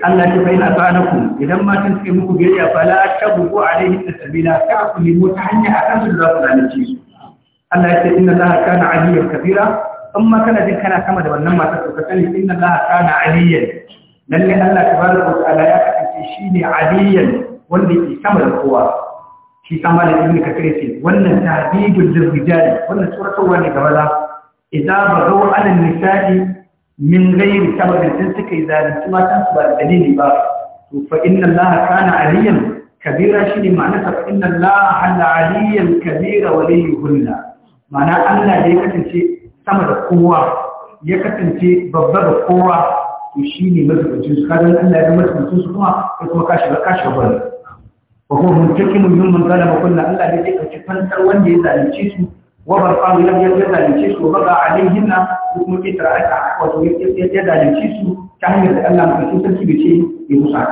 Allah ya bayyana banaku idan matan suke muku biyayya fa la tabu alaihi sabila ka ku nemo ta hanya a kan su za ku zalunce su Allah ya ce inna Allah kana aliyan kabira amma kana jin kana kama da wannan matar to ka sani inna Allah kana aliyan lalle Allah tabaraka wa ta'ala ya kasance shine aliyan wanda ke sama da kowa shi sama da ibn kafir ce wannan tahdidul lirrijal wannan suratarwa ne ga maza idan ba zo alal nisa'i min ghairi sababin sun suka yi zalunci matan su ba da dalili ba to fa inna allaha kana aliyan kabira shi ne ma'ana fa inna allaha halla aliyan kabira wa liyuhulla ma'ana Allah ya kasance sama da kowa ya kasance babba da kowa to shine mazubacin su kuma kuma kashi wa huwa muntakimu mimman zalama kullu Allah ne zai dauki fansar wanda ya zalunce su wa barqan lam yadda zalunce su ba ga alaihinna kuma fitra aka wato ya zalunce su ta hanyar da Allah mutum sarki bai ce ya musa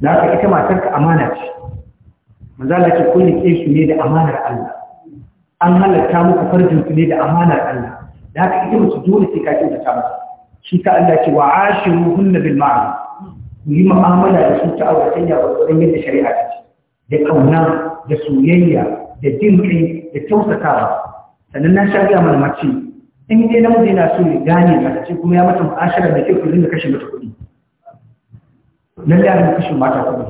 da haka ita matarka amana ce manzala ce ko nike su ne da amanar Allah an halatta muku farjin su ne da amanar Allah da haka ita mutum dole sai ka kyautata masa shi ta Allah ce wa ashiru hunna bil ma'ruf ku yi ma'amala da su ta auratayya ba tsoron yadda shari'a ta ce da kauna da soyayya da jin kai da kyautatawa sannan na sha gaya mana mace in dai namiji yana so ya gane a ce kuma ya mata mu'ashara da kyau ku da kashe mata kuɗi lallai a kashe mata kuɗi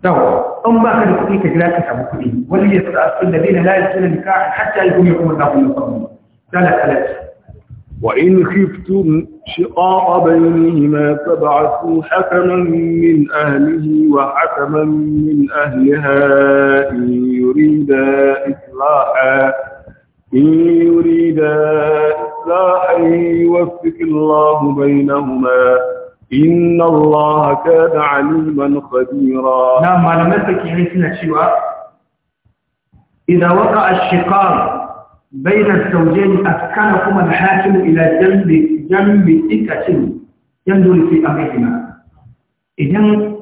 dawa in ba ka da kuɗi ka jira ka samu kuɗi wani ya sa asu da dina la yasuna nikah hatta yakun yakun Allahu yakum zalika وإن خفتم شقاق بينهما فبعثوا حكما من أهله وحكما من أهلها إن يريدا إصلاحا إن يريدا إصلاحا يوفق الله بينهما إن الله كان عليما خبيرا نعم على مسك يعني سنة شواء إذا وقع الشقاق bainar saujeni a kana kuma da hakimu ila jambi ikacin yan zuri fi amurkina idan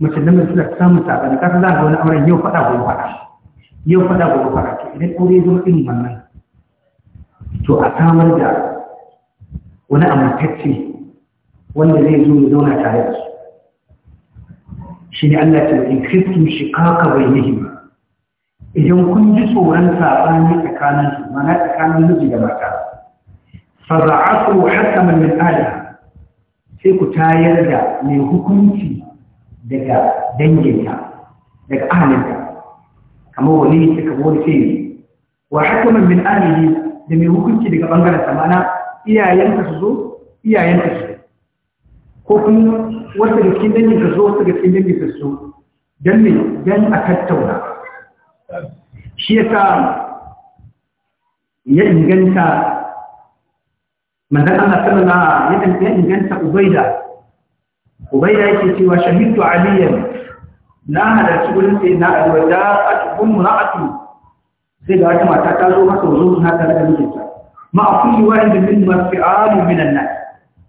mace damar suna samun sabani kasa za a zaune auren yau fada gobe fada yau fada gobe fada ke idan kore zo in wannan to a samar da wani amintacci wanda zai zo ya zauna tare da su shi ne allah ta in kristin shi kaka bai yi himma idan kun ji tsoron saɓani tsakanin su mana tsakanin miji da mata fa za'atu hakaman min ala sai ku tayar da mai hukunci daga danginta daga ahalinta kamar wani ta kamar wani sai wa hakaman min alihi da mai hukunci daga bangaren sa mana iyayenka su zo iyayenka su ko kuma wata da cikin danginta su zo wata da cikin danginta su zo don me don a tattauna shi yasa ya inganta manzan Allah sallallahu ya inganta ubaida ubaida yake cewa shahidu aliyan na halarci gurin sai na alwada a umm cikin mura'atu sai ga wata mata ta zo masa wazo na tare da mijinta ma a kulli wahid min mafi'alu minan nan.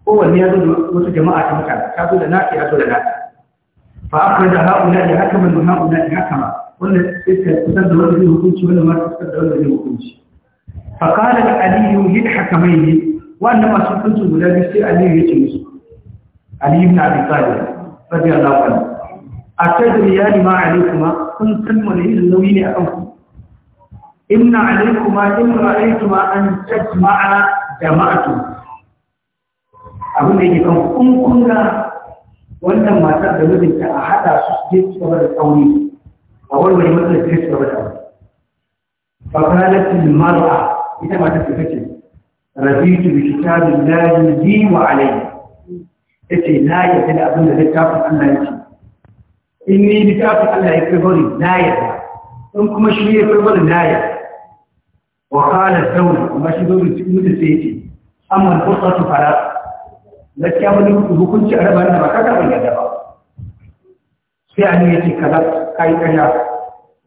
kowanne ya zo da wasu jama'a ta mutane ta zo da naki ya zo da naki fa akhraja haula ya akama min haula ya akama wannan sai kusan da wannan hukunci wannan ma kusan da wannan hukunci fa qala ali yuhid hakamayn wannan ma hukunci guda biyu sai ali ya ce musu ali ibn abi talib radiyallahu anhu atadri ya ma alaykuma kun san mali nawi ne akan ku inna alaykuma in ra'aytuma an tajma'a jama'atu abin da yake kan kun wannan matar da mijinta a hada su je su gaba da tsauni a warware matsalar da su gaba da aure fakalatin mar'a ita ma ta kace rabitu bi kitabillahi li wa alayhi yace na yarda da abin da littafin Allah yake in ni littafin Allah ya kai na yarda in kuma shi ya kai bari na wa qala zawla kuma shi dole mutum sai yace amma al-qur'atu fala gaskiya wani hukunci a raba ba ka taɓa yadda ba sai an yi ce kaza kai kaya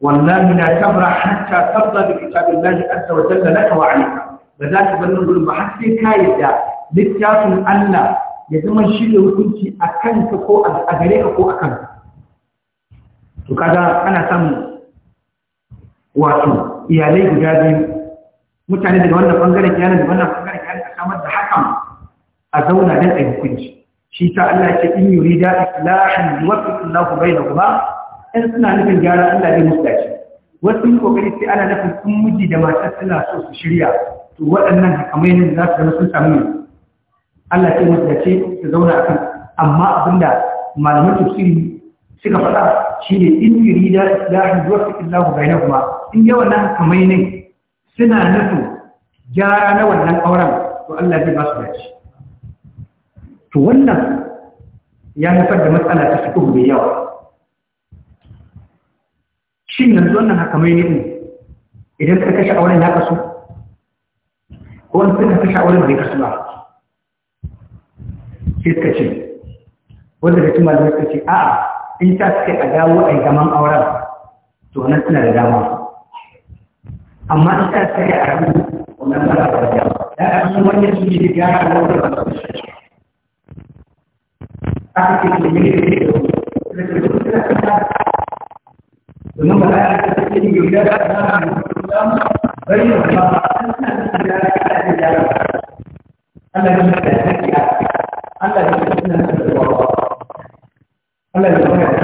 wallahi na tabra hatta tabra bi kitabillahi azza wa jalla laka wa alayka ba za ka bannin gurin ba har sai ka yadda littafin Allah ya zama shi da hukunci a kanka ko a gare ka ko a kanka to kaga ana samun wato iyalai guda biyu mutane daga wannan bangaren iyalai daga wannan bangaren iyalai a samar da hakan a zauna dan yi hukunci shi ta Allah ce in yurida islahan yuwaffiq Allahu kuma in suna nufin gyara Allah zai musu dace wasu yi kokari sai ana nufin sun miji da matar suna so su shirya to waɗannan kamar ne za su zama sun samu Allah ya musu dace su zauna akan amma abinda malaman tafsiri suka faɗa shine in yurida islahan yuwaffiq Allahu kuma in yawan nan hakamai ne suna nufin gyara na wannan auren to Allah zai ba su dace to wannan ya haifar da matsala ta suku mai yawa shin yanzu wannan haka mai ne idan ka kashe auren ya kasu ko wani suka kashe auren bai kasu ba sai suka ce wanda da cimma da suka ce a'a in ta suke a dawo a zaman auren to wannan suna da dama amma in ta suke a rabu wannan ba da ya da a cikin wannan su ne da gara da wanda ba su aka ya Allah ya da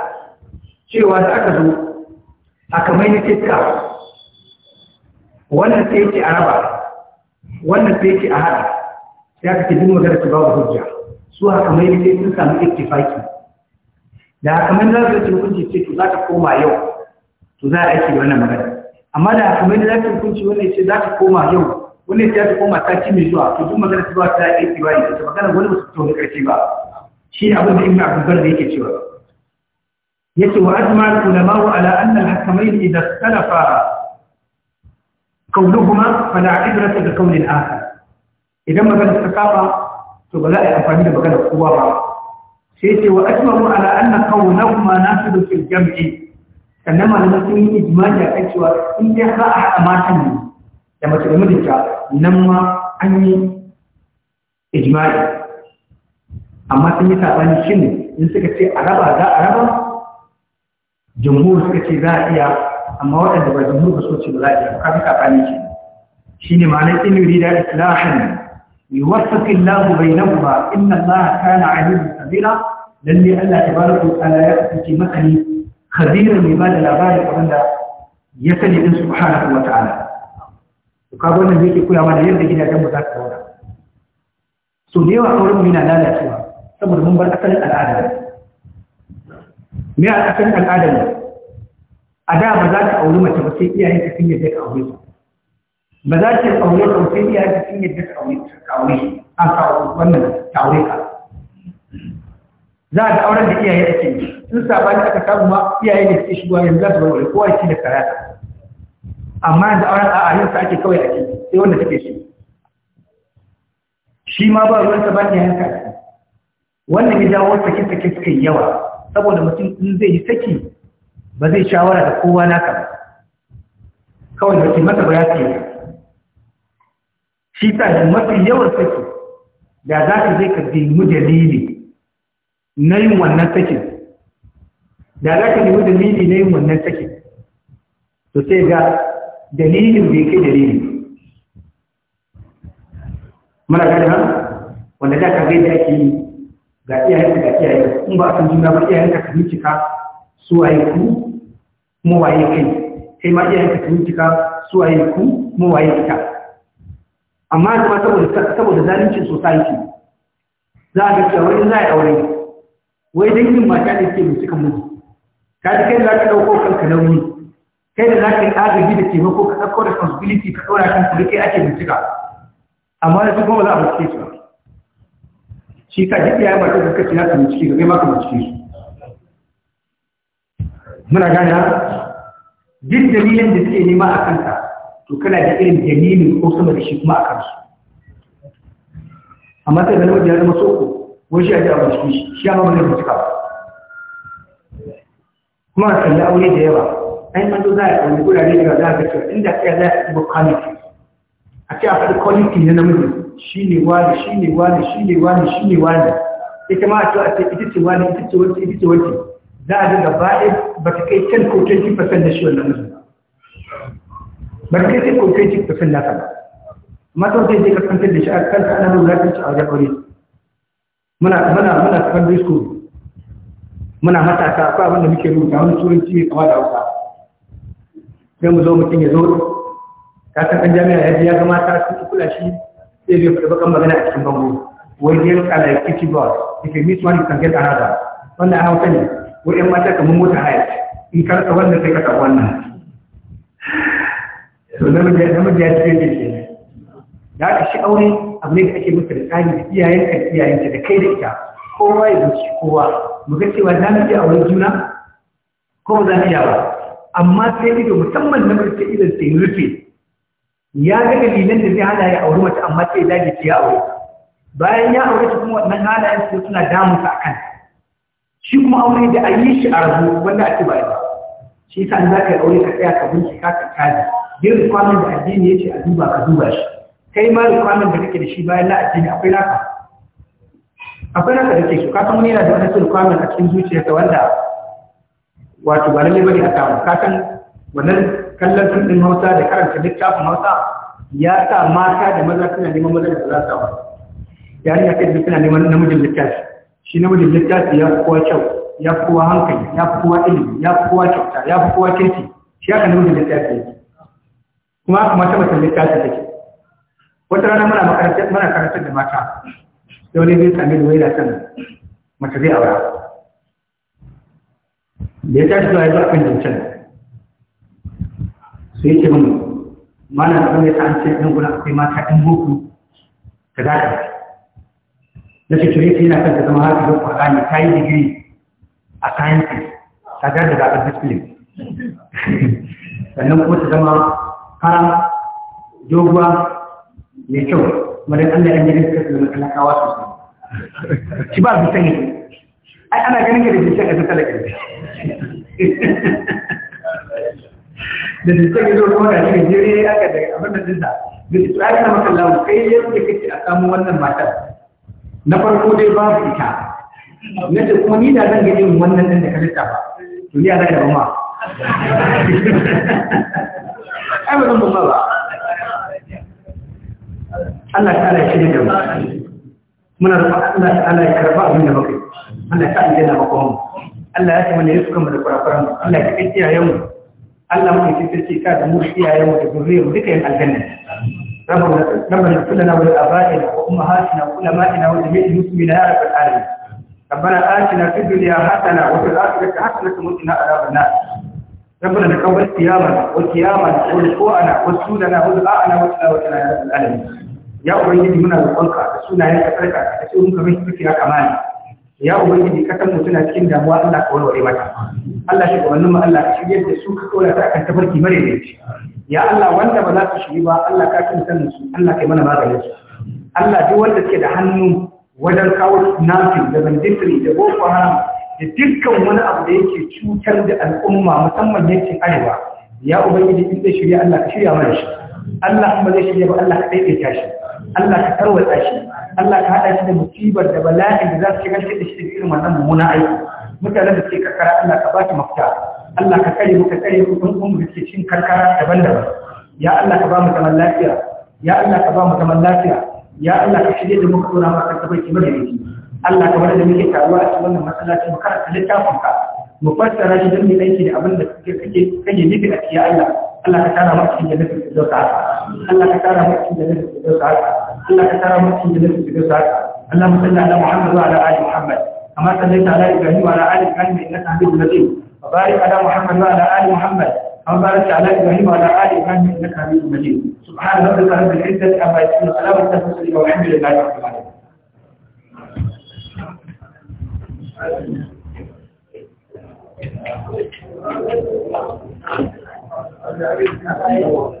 cewa da aka zo a mai na iska wannan sai yake a raba wannan sai yake a haɗa sai aka ce duk magana ta babu hujja su haka mai na sun samu faki? da haka mai za su ce hukunci ce to za ka koma yau to za a aiki wannan magana amma da haka mai za ta hukunci wannan ce za ka koma yau wannan ce za ka koma ta mai zuwa to duk magana ta ba ta aiki ba ne ta magana wani ba su fito na ba shi abin da ibn abdul da yake cewa yake wa ajma ulama ala anna al-hakamayn idha ikhtalafa qawluhuma fala ibrata bi qawl al-akhar idan magana sakaba to ba za a yi amfani da magana kowa ba sai ce wa ajma'u ala anna qawluhuma nasibu fil jam'i sannan malamin sun yi ijma'i kan cewa in dai za a haɗa matan ne da mace da mijinta nan ma an yi ijma'i amma sun yi saɓani ne in suka ce a raba za a raba jumhur suka ce za a iya amma waɗanda ba jumhur ba so ce ba za a iya ka fi kafani ce shi ne ma'anar in yuri da islahin nan ba ina za a kana alimun sabira lalle Allah ba da ta'ala ya kasance matsani khabira mai ba da labarin wanda ya sani din subhanahu wa ta'ala to ka wannan da yake kula da yadda gidajen mu za su zauna so da yawa mu yana lalacewa saboda mun bar asalin al'ada me a cikin al'adar ne a da ba za ka auri mace ba sai iyayen ka sun yadda ka aure ta ba za ka aure ta sai iyayen ka sun yadda ka aure ka aure an ka wannan ka aure ka za a da auren da iyaye ake yi in sabani aka samu ma iyaye da suke shigowa yanzu za su barware kowa ya ci da karata amma yanzu auren a ayin sa ake kawai ake sai wanda take shi shi ma ba ruwan sa ba ka yanka wannan ya jawo sake sake suka yi yawa saboda mutum in zai yi saki ba zai shawara da kowa naka ba kawai da ke masa ba ya ce shi ta yi mafi yawan saki da za ka zai ka nemi dalili na yin wannan sakin da za ka nemi dalili na yin wannan sakin to sai ga dalilin da kai dalili muna gani ha wanda za ka da ake yi ga iyayenka ga iyayenka in ba san juna ba iyayenka ka bincika su waye ku kuma waye kai kai ma iyayenka ka bincika su waye ku kuma waye kita amma kuma saboda saboda zalincin society za a ga cewa wani za a yi aure wai dangin mata ne ke bincika mutu ka ji kai za ka ɗauko kanka nauyi kai da za ka yi agaji da taimako ka ɗauko responsibility ka ɗora kanka da kai ake bincika amma da su kuma za a bincike su ba shi ka duk yayin mata suka ci nasu ciki ga kai maka ciki. su muna gane duk dalilin da suke nema a kanta to kana da irin dalilin ko sama da shi kuma a kansu amma sai da namiji ya zama soko wai shi a ji a bincike shi shi ya mamaye bincika kuma a kalli aure da yawa yi manzo za a kalli gurare da za a inda inda kai za a ɗiba kwamiti a ce a faɗi na namiji shi ne wani shi ne wani shi ne wani shi ne wani ita ma a ce a ce ita ce wani ita ce wacce ita ce wacce za a daga baya ba ta kai can ko 20% da shi wannan mutum ba ta kai can ko 20% na ka ba amma ta wata je ka kantar da shi a kanta ana nuna zafin ci a wajen aure muna muna muna secondary school muna matasa akwai abin da muke rubuta wani turanci mai kama da hausa sai mu zo mutum ya zo ka san an jami'a ya ji ya ga mata sun kula shi sai bai faɗi bakan magana a cikin bango wai dai look ya kitty ba if you miss one you can get another wannan a hausa ne wai yan mata kamar mota haya in ka rasa wannan sai ka ta wannan to namiji namiji ya ce ne da aka shi aure abu ne da ake masa da tsari da iyayen ka iyayen da kai da ita kowa ya zuci kowa mu ga cewa za mu a wani juna ko ba za mu iya ba amma sai ido musamman na da idan sai rufe ya ga dalilin da zai hana ya auri mace amma sai zage ce ya aure bayan ya aure ta kuma wannan halayen su suna damu sa kan. shi kuma aure da an yi shi a rabu wanda ake ba ba shi yasa an zaka aure ka tsaya ka bincika ka kaji yin requirement da addini yace a duba ka duba shi kai ma requirement da kake da shi bayan na addini akwai naka akwai naka da ke shi kasan wani yana da wani requirement a cikin zuciyarsa wanda wato ba lalle bane a samu kasan wannan kallon fim hausa da karanta littafin hausa ya sa mata da maza suna neman maza da za su ba yayin ya kai suna neman namijin littafi shi namijin littafi ya fi kowa kyau ya fi kowa hankali ya fi kowa ilimi ya fi kowa kyauta ya fi kowa kirki shi haka namijin littafi yake kuma haka mata mutum littafi ta ke. wata rana muna makarantar da mata da wani zai sami da waila kan mace zai aura da ya tashi zuwa ya zo a kan jincan sai ce mun mana abin da ta ce ɗan gudan akwai mata ɗan boko ka za na ce cire ta yana kan ta zama haka da kwara ne ta yi digiri a sayansi, ta ga da zaɓar discipline sannan kuma ta zama fara doguwa mai kyau kuma dan Allah ɗan jirgin suka zama su su. shi ba bisan yi ai ana ganin ka da bisan a tattalin da dukkan ya zo kuma da shi ne ya aka da abin da dinsa da su tsari na makallawa kai ya da kake a samu wannan matar na farko dai ba babu ita na ce kuma ni da zan ga irin wannan din da ka ba to ni a zai da ma ai ba zan ba ba Allah ta ala shi da mu muna rufa Allah ta ala ya karba abin da muke Allah ta ala ya na makomu Allah ya tsamana ya suka mu da kurakuran Allah ya kiyaye mu Allah mai fitarci ka da mushiya yau da zuriyar duka yin aljanna. Rabbana kullana wa abaina wa ummahatina wa ulama'ina wa jami'i muslimina ya rabbal alamin. Rabbana atina fid dunya hasana wa fil akhirati hasanatan wa qina adhaban nar. Rabbana qabbal qiyamana wa qiyamana wa qu'ana wa sudana wa dha'ana wa tilawa ya rabbal alamin. Ya Ubangiji muna roƙonka da sunayen ka tsarka da cikin ka mai fitina kamani. ya ubangiji kasar mu suna cikin damuwa Allah ka warware mata Allah shi gabanin mu Allah ka shirye da su ka kora ta akan tafarki mare ne ya Allah wanda ba za su shiri ba Allah ka kan sanin su Allah kai mana maganin su Allah duk wanda suke da hannu wajen kawo nafin da banditri da boko haram da dukkan wani abu da yake cutar da al'umma musamman yankin arewa ya ubangiji in zai shirya Allah ka shirya mana shi Allah kuma zai shirya ba Allah ka daidaita shi Allah ka tarwata shi Allah ka haɗa shi da musibar da bala'in da za su shiga shi da shi irin wannan mummuna aiki mutanen da ke karkara Allah ka ba su mafita Allah ka kare mu ka kare mu kun kun da ke cin karkara daban-daban ya Allah ka ba mu zaman lafiya ya Allah ka ba mu zaman lafiya ya Allah ka shirye da muka ka maka tabai ki madalci Allah ka bar da muke taruwa a cikin wannan masallaci mu karanta littafin ka mu fassara shi don mu aiki da abin da kake kake nufi a cikin Allah Allah ka tara mu cikin jannatin da zaka Allah ka tara mu cikin jannatin da zaka Allah ka tara mutum da su ga saka Allah musalla ala Muhammad wa ala ali Muhammad kama sallaita ala Ibrahim wa ala ali Ibrahim innaka Hamidum Majid wa barik ala Muhammad wa ala ali Muhammad kama barakta ala Ibrahim wa ala ali Ibrahim innaka Hamidum Majid subhana rabbika rabbil izzati amma yasifun wa salamun ala mursalin walhamdulillahi rabbil alamin Thank you.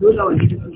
dole wani